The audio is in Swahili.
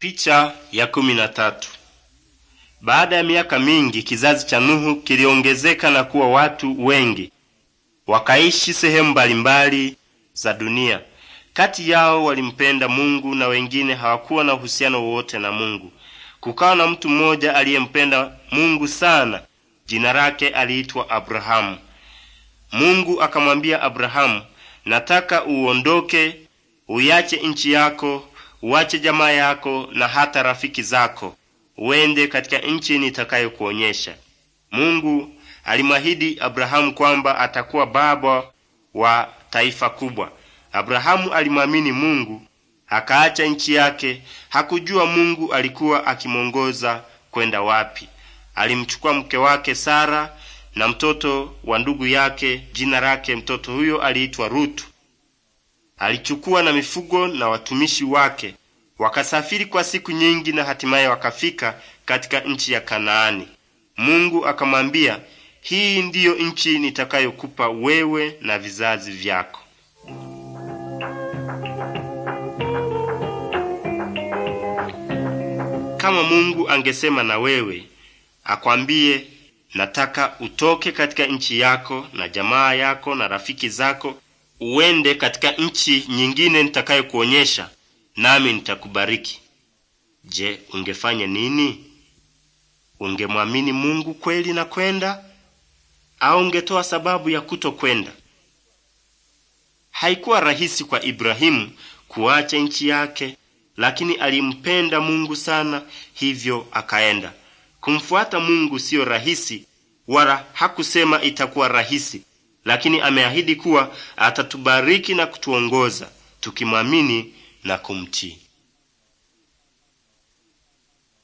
Picha ya kumi na tatu. Baada ya miaka mingi kizazi cha Nuhu kiliongezeka na kuwa watu wengi, wakaishi sehemu mbalimbali za dunia. Kati yao walimpenda Mungu na wengine hawakuwa na uhusiano wowote na Mungu. Kukawa na mtu mmoja aliyempenda Mungu sana, jina lake aliitwa Abrahamu. Mungu akamwambia Abrahamu, nataka uondoke, uiache nchi yako uache jamaa yako na hata rafiki zako, uende katika nchi nitakayokuonyesha. Mungu alimwahidi Abrahamu kwamba atakuwa baba wa taifa kubwa. Abrahamu alimwamini Mungu, akaacha nchi yake. Hakujua Mungu alikuwa akimwongoza kwenda wapi. Alimchukua mke wake Sara na mtoto wa ndugu yake, jina lake mtoto huyo aliitwa Rutu alichukua na mifugo na watumishi wake, wakasafiri kwa siku nyingi, na hatimaye wakafika katika nchi ya Kanaani. Mungu akamwambia, hii ndiyo nchi nitakayokupa wewe na vizazi vyako. Kama Mungu angesema na wewe akwambie, nataka utoke katika nchi yako na jamaa yako na rafiki zako uende katika nchi nyingine nitakayokuonyesha, nami nitakubariki. Je, ungefanya nini? Ungemwamini Mungu kweli na kwenda au ungetoa sababu ya kutokwenda? Haikuwa rahisi kwa Ibrahimu kuacha nchi yake, lakini alimpenda Mungu sana, hivyo akaenda. Kumfuata Mungu siyo rahisi, wala hakusema itakuwa rahisi lakini ameahidi kuwa atatubariki na kutuongoza tukimwamini na kumtii.